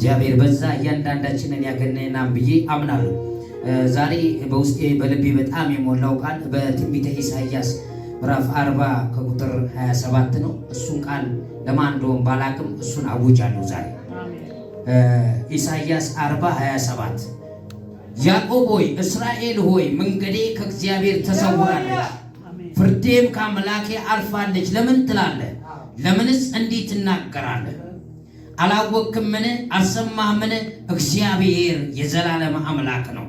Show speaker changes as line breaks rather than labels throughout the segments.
እግዚአብሔር በዛ እያንዳንዳችንን ያገናኘናል ብዬ አምናለሁ። ዛሬ በውስጤ በልቤ በጣም የሞላው ቃል በትንቢተ ኢሳይያስ ምዕራፍ 40 ከቁጥር 27 ነው። እሱን ቃል ለማን እንደሆን ባላቅም እሱን አውጃለሁ ዛሬ። ኢሳይያስ 40 27 ያዕቆብ ሆይ እስራኤል ሆይ መንገዴ ከእግዚአብሔር ተሰውራለች፣ ፍርዴም ከአምላኬ አልፋለች ለምን ትላለህ? ለምንስ እንዲህ ትናገራለህ? አላወቅምን? አልሰማህምን? እግዚአብሔር የዘላለም አምላክ ነው፣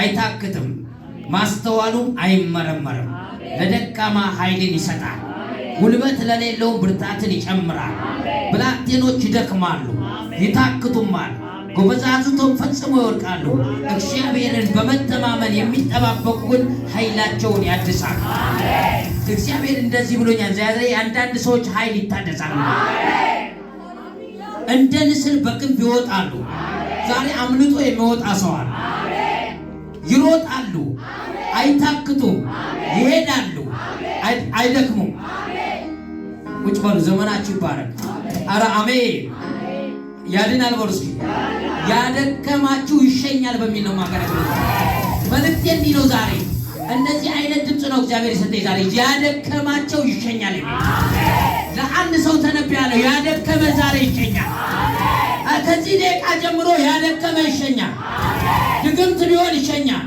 አይታክትም፣ ማስተዋሉም አይመረመርም። ለደካማ ኃይልን ይሰጣል፣ ጉልበት ለሌለው ብርታትን ይጨምራል። ብላቴኖች ይደክማሉ፣ ይታክቱማል፣ ጎበዛዝቶም ፈጽሞ ይወድቃሉ። እግዚአብሔርን በመተማመን የሚጠባበቁ ግን ኃይላቸውን ያድሳል። እግዚአብሔር እንደዚህ ብሎኛል። ዛሬ አንዳንድ ሰዎች ኃይል ይታደሳል። እንደ ንስር በክንፍ ይወጣሉ። ዛሬ አምልጦ የሚወጣ ሰው አለ። ይሮጣሉ፣ አይታክቱም፣ ይሄዳሉ፣ አይደክሙም። ውጭ በሉ። ዘመናችሁ ይባረክ። አረ አሜ ያድናል በሉ እስኪ። ያደከማችሁ ይሸኛል በሚል ነው ማገራት መልእክቴ እንዲህ ነው ዛሬ እንደዚህ አይነት ድምፅ ነው እግዚአብሔር የሰጠኝ ዛሬ። ያደከማቸው ይሸኛል የሚል ለአንድ ሰው ተነብያለሁ። ያደከመ ዛሬ ይገኛል። ከዚህ ደቂቃ ጀምሮ ያደከመ ይሸኛል። ድግምት ቢሆን ይሸኛል።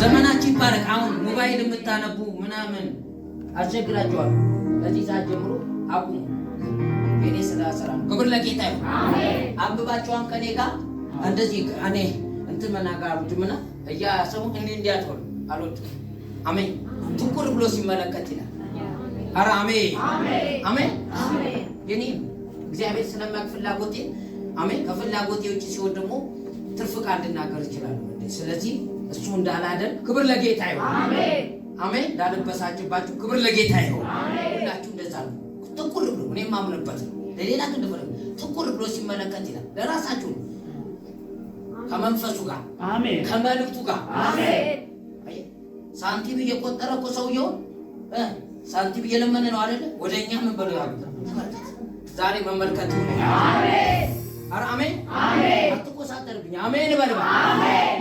ዘመናችን ይባረክ። አሁን ሞባይል የምታነቡ ምናምን አስቸግራቸዋል። ከዚህ ሰዓት ጀምሮ አቁሙ። እኔ ስራ ስራ ነው። ክብር ለጌታ ይሁን። አንብባቸዋን ከኔ ጋር እንደዚህ እኔ እንትን መናገሩት ምና እያ ሰው እንዲህ እንዲያትሆን አልወጡ አሜን። ትኩር ብሎ ሲመለከት ይላል አረ አሜን አሜን አሜን። የኔ እግዚአብሔር ስለማያውቅ ፍላጎቴ አሜን። ከፍላጎቴ ውጭ ሲሆን ደግሞ ትርፍ ቃል ልናገር እችላለሁ። ስለዚህ እሱ እንዳላደር ክብር ለጌታ ይሁን። አሜን አሜን። እንዳልበሳጭባችሁ ክብር ለጌታ ይሁን። ሁላችሁ እንደዛ ነው። ጥቁር ብሎ እኔም ማምንበት ነው። ለሌላ ትንድፍረ ጥቁር ብሎ ሲመለከት ይላል ለራሳችሁ ከመንፈሱ ጋር ከመልእክቱ ጋር ሳንቲም እየቆጠረ እኮ ሰውየውን ሳንቲም እየለመነ ነው አይደለ? ወደ እኛ ምን በለው ያሉት ዛሬ መመልከት አሜን። ኧረ አሜን አሜን። አትቆሳጠርብኝ። አሜን በል አሜን።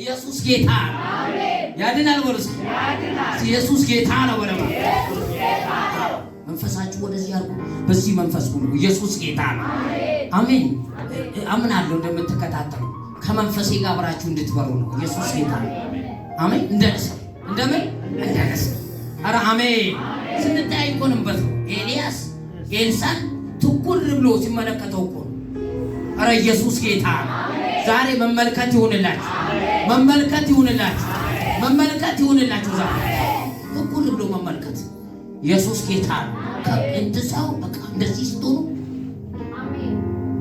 ኢየሱስ ጌታ አሜን። ያድናል ወርስ ያድናል። ኢየሱስ ጌታ ነው ወለማ ኢየሱስ ጌታ ነው። መንፈሳችሁ ወደዚህ አርጉ። በዚህ መንፈስ ሁሉ ኢየሱስ ጌታ ነው። አሜን። አሜን። አምናለሁ እንደምትከታተሉ ከመንፈሴ ጋር አብራችሁ እንድትበሩ ነው። ኢየሱስ ጌታ ነው። አሜን። እንደ ንስር እንደምን እንደ አረ አሜን። ስንታይ እኮ ኤልያስ ኤልሳን ትኩር ብሎ ሲመለከተው እኮ ነው። አረ ኢየሱስ ጌታ ዛሬ መመልከት ይሁንላችሁ፣ መመልከት ይሁንላችሁ፣ መመልከት ይሁንላችሁ። ዛሬ ትኩር ብሎ መመልከት ኢየሱስ ጌታ ከእንትሳው በቃ እንደዚህ ስትሆኑ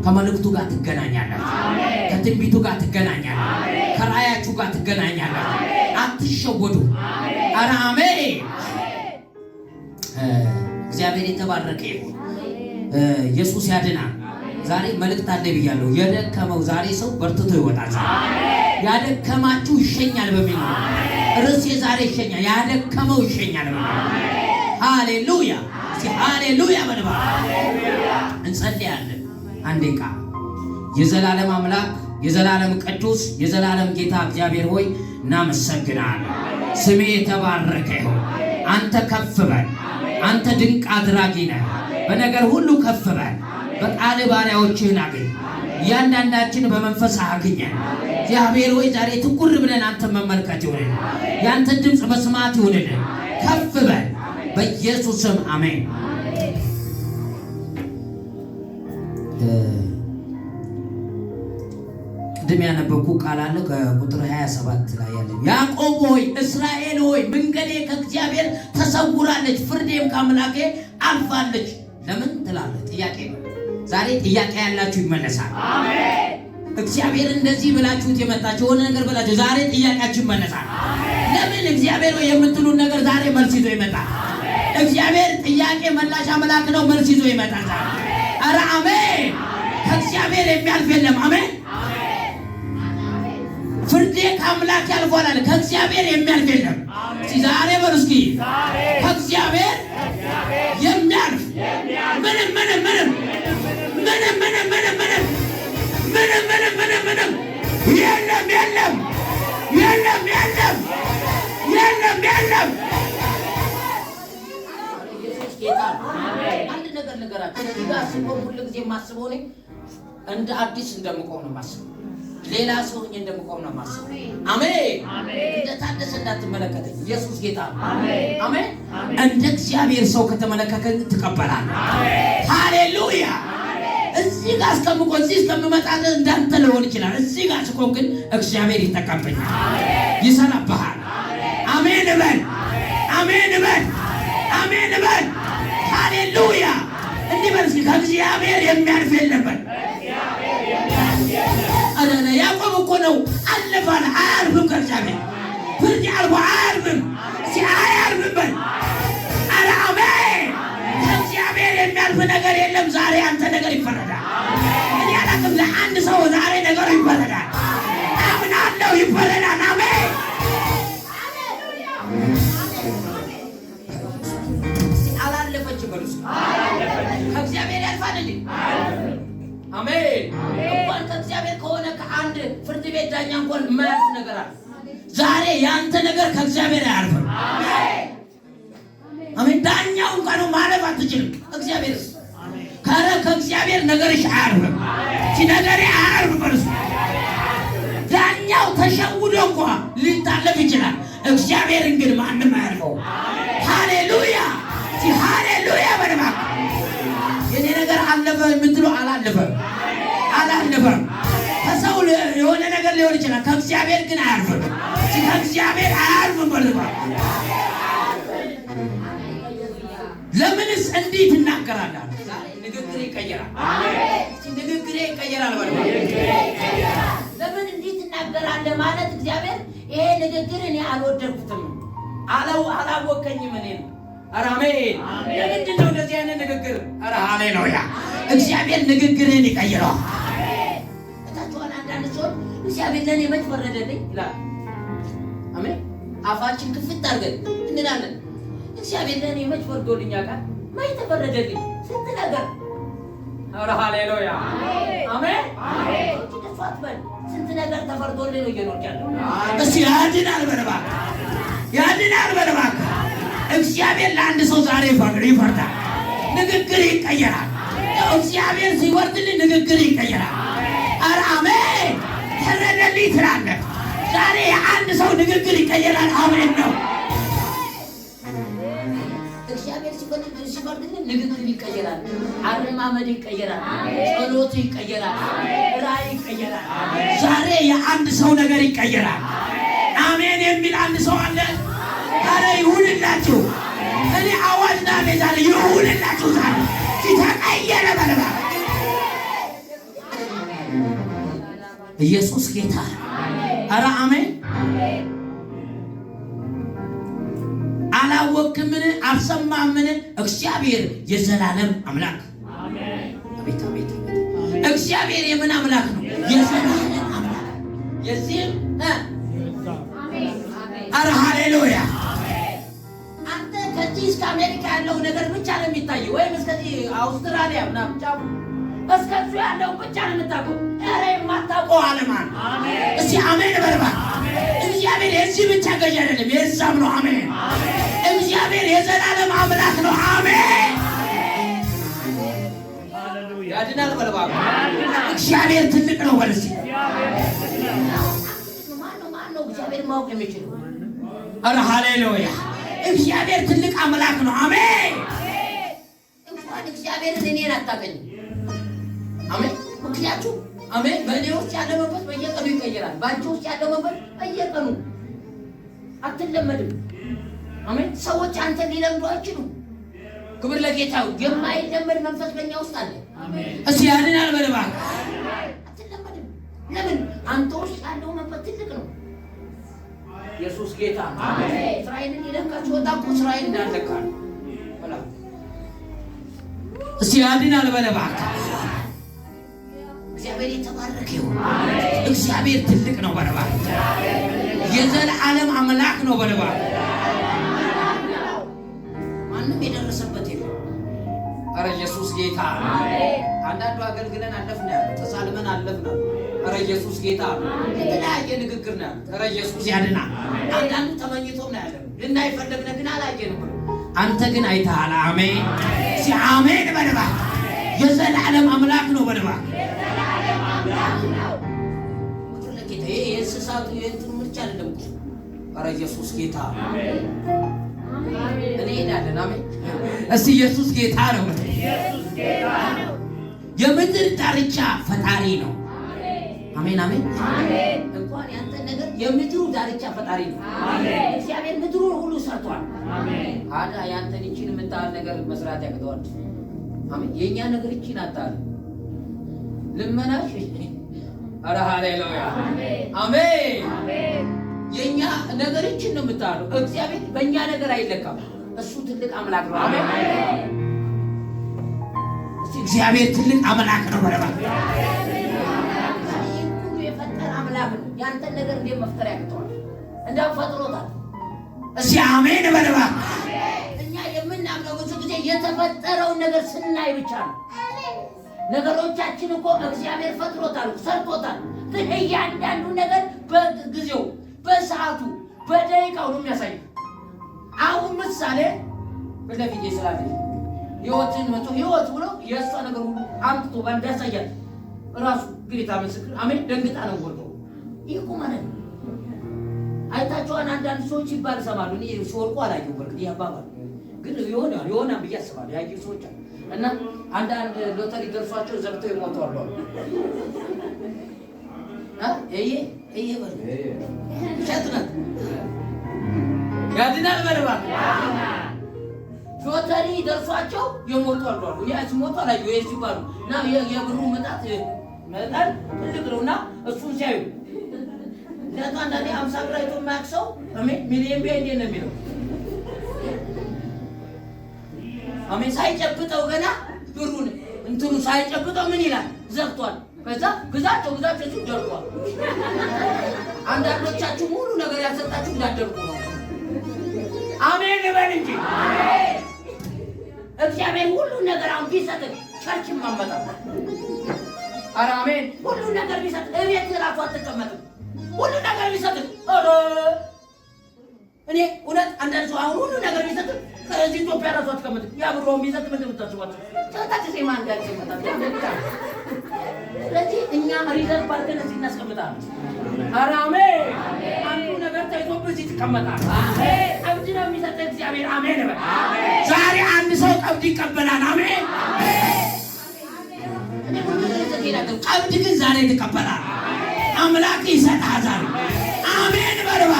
ከመልእክቱ ጋር ትገናኛላችሁ፣ ከትንቢቱ ጋር ትገናኛላችሁ፣ ከራእያችሁ ጋር ትገናኛላችሁ። አትሸወዱ። ኧረ አሜን። እግዚአብሔር የተባረከ ይሁን። ኢየሱስ ያድናል። ዛሬ መልእክት አለ ብያለሁ። የደከመው ዛሬ ሰው በርትቶ ይወጣል። ያደከማችሁ ይሸኛል በሚል ርዕሴ። ዛሬ ይሸኛል፣ ያደከመው ይሸኛል በሚል ሃሌሉያ፣ ሃሌሉያ በልባ እንጸልያለን። አንዴ ቃ የዘላለም አምላክ የዘላለም ቅዱስ የዘላለም ጌታ እግዚአብሔር ሆይ እናመሰግናለን። ስሜ የተባረከ ይሁን። አንተ ከፍ በል። አንተ ድንቅ አድራጊ ነህ። በነገር ሁሉ ከፍ በል። በቃል ባሪያዎችህን አገኝ። እያንዳንዳችን በመንፈስ አግኘን። እግዚአብሔር ወይ ዛሬ ትኩር ብለን አንተ መመልከት ይሁንልን። የአንተ ድምፅ መስማት ይሁንልን። ከፍ በል በኢየሱስም አሜን። ቅድም ያነበብኩ ቃል አለ ከቁጥር 27 ላይ ያለ ያዕቆብ ሆይ እስራኤል ሆይ መንገዴ ከእግዚአብሔር ተሰውራለች፣ ፍርዴም ከአምላኬ አልፋለች። ለምን ትላለ? ጥያቄ ነው። ዛሬ ጥያቄ ያላችሁ ይመለሳል። እግዚአብሔር እንደዚህ ብላችሁት የመጣችሁ የሆነ ነገር ብላችሁ ዛሬ ጥያቄያችሁ ይመለሳል። ለምን እግዚአብሔር ወይ የምትሉን ነገር ዛሬ መልስ ይዞ ይመጣል። እግዚአብሔር ጥያቄ መላሽ አምላክ ነው። መልስ ይዞ ይመጣል። ኧረ አሜን። ከእግዚአብሔር የሚያልፍ የለም። አሜን ፍርዴ ከአምላክ ያልፏላል። ከእግዚአብሔር የሚያልፍ የለም። ዛሬ በሉ እስኪ ከእግዚአብሔር የሚያልፍ ምንም ምንም ምንም ምንም ምንም ምንም ምንም ምንም ምንም ምንም ምንም የለም የለም የለም የለም የለም የለም። አንድ ነገር ጋር ስቆም የማስበው እኔ እንደ አዲስ እንደምቆም ነው የማስበው ሌላ ሰው ሆኜ እንደምቆም ነው ማሰብ። አሜን። እንደ ታደሰ እንዳትመለከት ኢየሱስ ጌታ ነው። አሜን። እንደ እግዚአብሔር ሰው ከተመለከከ ትቀበላለህ። አሜን ሃሌሉያ። እዚህ ጋር እስከምቆ እዚህ እስከምመጣ እንዳንተ ልሆን ይችላል። እዚህ ጋር ስቆ ግን እግዚአብሔር ይጠቀምብኛል፣ ይሰራብሃል። አሜን በል አሜን በል አሜን በል ሃሌሉያ። እንዲህ በል ከእግዚአብሔር የሚያልፍ የለበት ነው። አለፋል። አያርፍም። ከርጫሜ ፍርድ አልፎ አያርፍም። እስቲ አያርፍም በል አለ። አሜን። ከእግዚአብሔር የሚያልፍ ነገር የለም። ዛሬ አንተ ነገር ይፈረዳል። እኔ አላቅም። ለአንድ ሰው ዛሬ ነገሩ ይፈረዳል። አምናለሁ ይፈረዳል። ፍርድ ቤት ዳኛ እንኳን የማያልፍ ነገር አለ። ዛሬ ያንተ ነገር ከእግዚአብሔር አያልፍም። አሜን። ዳኛው እንኳን ማለፍ አትችልም። እግዚአብሔርስ ከረ ከእግዚአብሔር ነገርሽ አያልፍም። ነገር አያልፍም። እርሱ ዳኛው ተሸውዶ እንኳ ሊታለፍ ይችላል። እግዚአብሔርን ግን ማንም አያልፈው። ሃሌሉያ ሃሌሉያ። በደማ የኔ ነገር አለፈ የምትሉ አላለፈም፣ አላለፈም የሆነ ነገር ሊሆን ይችላል። ከእግዚአብሔር ግን አያርፍም። ከእግዚአብሔር አያርፍም። በልባ ለምንስ እንዲህ ትናገራለህ? ንግግር ይቀየራል። ንግግሬ ይቀየራል። በልባ ለምን እንዲህ ትናገራለህ ማለት እግዚአብሔር ይሄ ንግግር እኔ አልወደድኩትም፣ አለው አላወቀኝም። እኔ አሜን። ለምንድን ነው እንደዚህ አይነት ንግግር? ኧረ ሃሌሉያ! እግዚአብሔር ንግግርህን ይቀይረዋል። እግዚአብሔር ለእኔ መች ፈረደልኝ ይላል። አሜን። አፋችን ክፍት አድርገን እንላለን። እግዚአብሔር ለእኔ መች ፈርዶልኝ ያውቃል? መች ተፈረደልኝ ስንት ነገር። ኧረ ሃሌሉያ አሜን። ስንት ነገር ተፈርዶልኝ ነው እየኖር ያለው። እስቲ ያድናል በል ያድናል በል እግዚአብሔር ለአንድ ሰው ዛሬ ይፈርዳል። ንግግር ይቀየራል። እግዚአብሔር ሲወርድልኝ ንግግር ይቀየራል። ኧረ አሜን ተደረገልኝ ትላለህ። ዛሬ የአንድ ሰው ንግግር ይቀየራል። አሜን ነው። እግዚአብሔር ሲፈቅድልን ንግግር ይቀየራል፣ አረማመድ ይቀየራል፣ ጸሎት ይቀየራል፣ ራእይ ይቀየራል። ዛሬ የአንድ ሰው ነገር ይቀየራል። አሜን የሚል አንድ ሰው አለ። ዛሬ ይሁንላችሁ። እኔ አዋጅ ና ይሁንላችሁ ዛሬ ኢየሱስ ጌታ። አረ አሜን። አላወቅምን? አልሰማምን? እግዚአብሔር የዘላለም አምላክ አቤት አቤት። እግዚአብሔር የምን አምላክ ነው? የዘላለም አምላክ የዚህም አረ ሃሌሉያ አንተ ከዚህ እስከ አሜሪካ ያለው ነገር ብቻ ነው የሚታየው፣ ወይም እስከዚህ አውስትራሊያ ምናምን እስከሱ ያለው ብቻ ነው የምታውቀው። ኧረ የማታውቀው አለማን እስቲ አሜን በልባል። እግዚአብሔር የዚህ ብቻ ገዥ አይደለም፣ የዛም ነው። አሜን። እግዚአብሔር የዘላለም አምላክ ነው። አሜን። ያድናል በልባ። እግዚአብሔር ትልቅ ነው በል እግዚአብሔር ማወቅ የሚችል? ኧረ ሃሌሉያ! እግዚአብሔር ትልቅ አምላክ ነው። አሜን። እግዚአብሔርን እኔን አታውቀኝም አሜን። ሁላችሁ አሜን። በእኔ ውስጥ ያለ መንፈስ በየቀኑ ይቀየራል። በአንቺ ውስጥ ያለ መንፈስ በየቀኑ አትለመድም። አሜን። ሰዎች አንተ ሊለምዱ አይችሉም። ክብር ለጌታ። የማይለመድ መንፈስ በእኛ ውስጥ አለ። እስኪ ያንን አልበለባ አትለመድም። ለምን? አንተ ውስጥ ያለው መንፈስ ትልቅ ነው። ኢየሱስ ጌታ። እስራኤልን ይለካችሁ ወጣ እኮ እስራኤል እንዳለካ እስቲ አንድን አልበለባ እግዚአብሔር የተባረከ ይሁን። እግዚአብሔር ትልቅ ነው። በረባ የዘላለም አምላክ ነው። በረባ ማንም የደረሰበት የለም። ኧረ ኢየሱስ ጌታ። አንዳንዱ አገልግለን አለፍን ያለ ተሳልመን አለፍን። ኧረ ኢየሱስ ጌታ። የተለያየ ንግግር ነው ያሉት። ኧረ ኢየሱስ ያድና። አንዳንዱ ተመኝቶ ነው ያለ ልናይ ግን አላየንም። አንተ ግን አይተሃል። አሜን ሲ አሜን። በረባ የዘላለም አምላክ ነው። በረባ ጌታ የእንስሳቱ የእንትን ምርጫ አይደለም እኮ። ኢየሱስ ጌታ እኔ ሄዳለን። አሜን ጌታ ነው። የምድር ዳርቻ ፈጣሪ ነው። አሜን አሜን። እንኳን ያንተ ነገር የምድሩ ዳርቻ ፈጣሪ ነው። እግዚአብሔር ምድሩን ሁሉ ሰርቷል። ታዲያ ያንተን ይቺን የምታህል ነገር መስራት ያቅተዋል? አሜን የእኛ ነገር ይቺን አታህል ልመናሽ አረ ሃሌሉያ አሜን። የእኛ ነገሮችን ነው የምታለው። እግዚአብሔር በእኛ ነገር አይለካም። እሱ ትልቅ አምላክ ነው። አሜን። እግዚአብሔር ትልቅ አምላክ ነው። በለባ ሁሉ የፈጠረ አምላክ ነው። ያንተን ነገር እንዴት መፍጠር ያቅተዋል? እንዳውም ፈጥሮታል። እስኪ አሜን በለባ። እኛ የምናምነው ብዙ ጊዜ የተፈጠረውን ነገር ስናይ ብቻ ነው። ነገሮቻችን እኮ እግዚአብሔር ፈጥሮታል፣ ሰርቶታል። ግን እያንዳንዱ ነገር በጊዜው በሰዓቱ በደቂቃው ነው የሚያሳይ። አሁን ምሳሌ ወደፊት የስራት ህይወትን መቶ ህይወት ብሎ የእሷ ነገር ሁሉ አምጥቶ ባንድ ያሳያል። ራሱ ግዴታ ምስክር አሜን። ደንግጣ ነው ወርዶ ይህ እኮ ማለት አይታችኋን አንዳንድ ሰዎች ይባል ይሰማሉ። ሲወርቁ አላየው። በርግ ይህ አባባል ግን የሆነ የሆነ ብዬ አስባለሁ ያየ ሰዎች አሉ እና አንዳንድ ሎተሪ ደርሷቸው ዘግተው ይሞታሉ። ይሄ ነው። ያድናል በልባ ሎተሪ ደርሷቸው የሞቷሉ አሉ ያች ሞቷ ላይ ወይ ሲባሉ እና የብሩ መጣት መጣን ትልቅ ነው እና እሱን ሲያዩ ለታ አንዳንዴ አምሳ ብር አይቶ የማያውቅ ሰው ሚሊየን ቢያ እንዴ ነው የሚለው አሜን። ሳይጨብጠው ገና ብሩን እንትኑ ሳይጨብጠው ምን ይላል? ዘግቷል። ከዛ ግዛቸው ግዛቸው ደርቋል። አንዳንዶቻችሁ ሙሉ ነገር ያሰጣችሁ እንዳደርጉ ነው። አሜን ይበል እንጂ እግዚአብሔር ሁሉ ነገር አሁን ቢሰጥ ቸርች ማመጣ ኧረ አሜን። ሁሉ ነገር ቢሰጥ እቤት ራሱ አትቀመጥም። ሁሉ ነገር ቢሰጥ እኔ እውነት አንዳንድ ሰው አሁን ሁሉ ነገር ቢሰጥም ከዚህ ኢትዮጵያ ራሱ አትቀምጥ። ያ ብሮም ቢሰጥም እንደምታስቧቸው ስለዚህ እኛ ሪዘርቭ አድርገን እዚህ እናስቀምጣለን። ኧረ አንዱ ነገር ታይቶብህ እዚህ ትቀመጣል። ቀብድ ነው የሚሰጥህ እግዚአብሔር። አሜን። ዛሬ አንድ ሰው ቀብድ ይቀበላል። አሜን። ቀብድ ግን ዛሬ ትቀበላል። አምላክ ይሰጥሃል ዛሬ። አሜን በርባ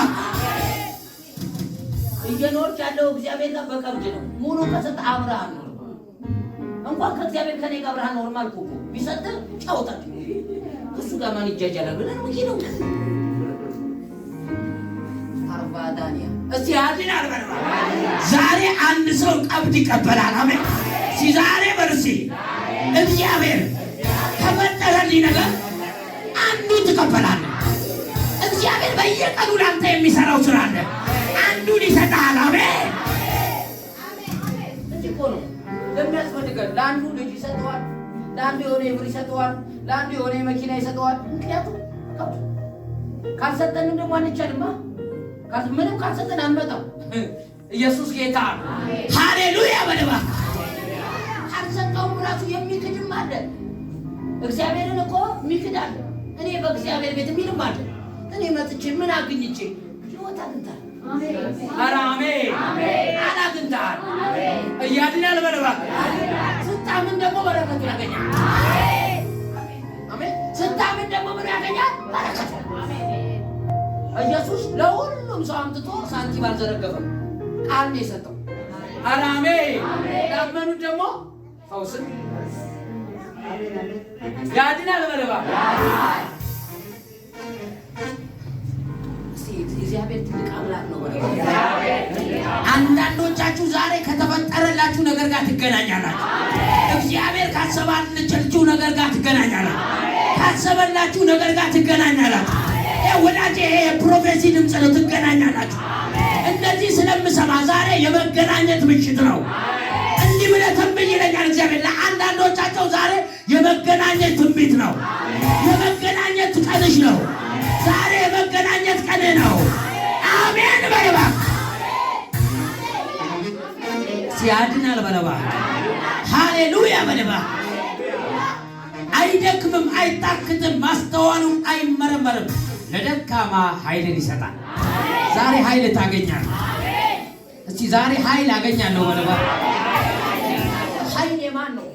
እየኖርክ ያለው እግዚአብሔር ጋር በቀብድ ነው። ሙሉ ከሰጠ አብርሃም ኖር እንኳን ከእግዚአብሔር ከኔ ጋር አብርሃም ኖር ማልኩ ቢሰጥ ጫወታ እሱ ጋር ማን ይጃጃላል ብለን ምኪ ነው አርባዳንያ እስቲ አዲን አርበርባ ዛሬ አንድ ሰው ቀብድ ይቀበላል። አሜን ሲዛሬ በርሲ እግዚአብሔር ከፈጠረልኝ ነገር አንዱ ትቀበላለህ። እግዚአብሔር በየቀኑ ላንተ የሚሰራው ስራ አለ። አንዱን ይሰጣል። አሜን። እዚህ እኮ ነው ለሚያስፈልገን። ለአንዱ ልጅ ይሰጠዋል፣ ለአንዱ የሆነ ብር ይሰጠዋል፣ ለአንዱ የሆነ መኪና ይሰጠዋል። ምክንያቱም ካልሰጠንም ደግሞ አንቻልማ። ምንም ካልሰጠን አንመጣም። ኢየሱስ ጌታ ሃሌሉያ በደባ ካልሰጠውም ራሱ የሚክድም አለ። እግዚአብሔርን እኮ የሚክድ አለ። እኔ በእግዚአብሔር ቤት የሚልም አለ። እኔ መጥቼ ምን አግኝቼ ህይወት አግኝታል አራሜ አሜን። አላግንታል እያድናል በለባት ስታምን ደግሞ በረከቱ ያገኛል። ስታምን ደግሞ ምን ያገኛል? በረከቱ። ኢየሱስ ለሁሉም ሰው አምጥቶ ሳንቲም አልዘረገፈም፣ ቃል ነው የሰጠው። ኧረ አሜን። ደግሞ ፈውስን ያድናል በለባት እግዚአብሔር ትልቅ አምላክ ነው። አንዳንዶቻችሁ ዛሬ ከተፈጠረላችሁ ነገር ጋር ትገናኛላችሁ። እግዚአብሔር ካሰባችው ነገር ጋር ትገናኛላችሁ። ካሰበላችሁ ነገር ጋር ትገናኛላችሁ። ወዳጅ ይሄ የፕሮፌሲ ድምፅ ነው። ትገናኛላችሁ። እንደዚህ ስለምሰማ ዛሬ የመገናኘት ምሽት ነው። እንዲህ ብለህ ትንብይ ይለኛል እግዚአብሔር። ለአንዳንዶቻቸው ዛሬ የመገናኘት ትንቢት ነው። የመገናኘት ቀንሽ ነው ዛሬ አሜን ነው። አሜን በልባ ሲያድናል በልባ ሃሌሉያ በልባ አይደክምም፣ አይታክትም፣ ማስተዋሉም አይመረመርም። ለደካማ ኃይልን ይሰጣል። ዛሬ ኃይል ታገኛል። እስቲ ዛሬ ኃይል አገኛለሁ በልባ ኃይል የማን ነው?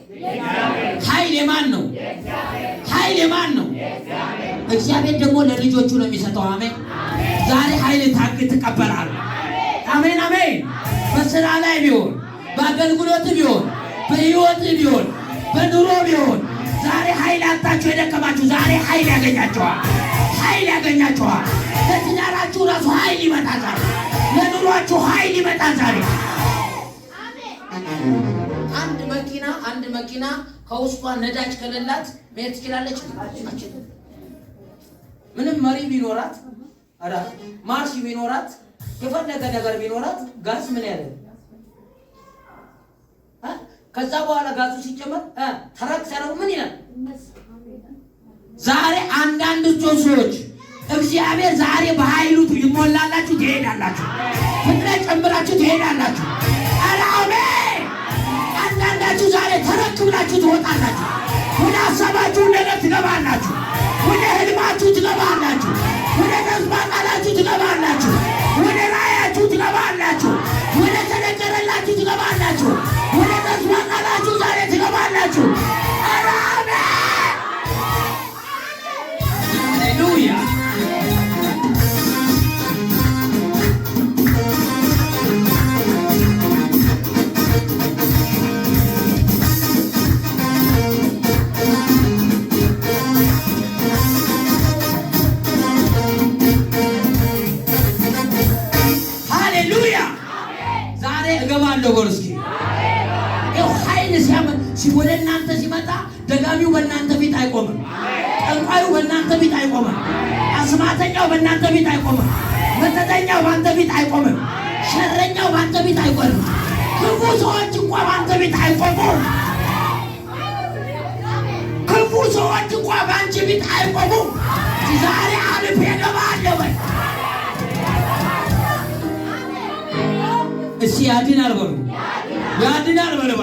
ኃይል የማን ነው? ኃይል የማን ነው? እግዚአብሔር ደግሞ ለልጆቹ ነው የሚሰጠው። አሜን ዛሬ ኃይል ታግ ትቀበላል። አሜን አሜን። በስራ ላይ ቢሆን፣ በአገልግሎት ቢሆን፣ በህይወት ቢሆን፣ በኑሮ ቢሆን ዛሬ ኃይል አጣችሁ የደከማችሁ ዛሬ ኃይል ያገኛችኋል። ኃይል ያገኛችኋል። ለትዳራችሁ ራሱ ኃይል ይመጣ ዛሬ። ለኑሯችሁ ኃይል ይመጣ ዛሬ። አንድ መኪና አንድ መኪና ከውስጧ ነዳጅ ከሌላት መሄድ ትችላለች? ምንም መሪ ቢኖራት ማርሽ ቢኖራት የፈለገ ነገር ቢኖራት ጋዝ ምን ያለ ከዛ በኋላ ጋዙ ሲጨመር ተረክ ሰረው ምን ይላል? ዛሬ አንዳንድ ሰዎች እግዚአብሔር ዛሬ በኃይሉ ይሞላላችሁ ትሄዳላችሁ። ፍቅረ ጨምራችሁ ትሄዳላችሁ። አላሜ አንዳንዳችሁ ዛሬ ተረክ ብላችሁ ትወጣላችሁ። ወደ ሀሳባችሁ እንደገና ትገባላችሁ። ወደ ህልማችሁ ትገባላችሁ። ወደ ተስፋ ቃላችሁ ትገባላችሁ። እገባለሁ በሉ እስኪ። ይኸው ኃይል ወደ እናንተ ሲመጣ ደጋሚው በእናንተ ፊት አይቆምም። ጠንቋዩ በእናንተ ፊት አይቆምም። አስማተኛው በእናንተ ፊት አይቆምም። መተተኛው በአንተ ፊት አይቆምም። ሸረኛው በአንተ ፊት አይቆምም። ክፉ ሰዎች እንኳ በአንተ ቤት አይቆሙም። ክፉ ሰዎች እንኳ በአንቺ ቤት አይቆሙም። ዛሬ አልፌ ገባ አለበል እሺ ያድናል በሉ ያድናል በሉ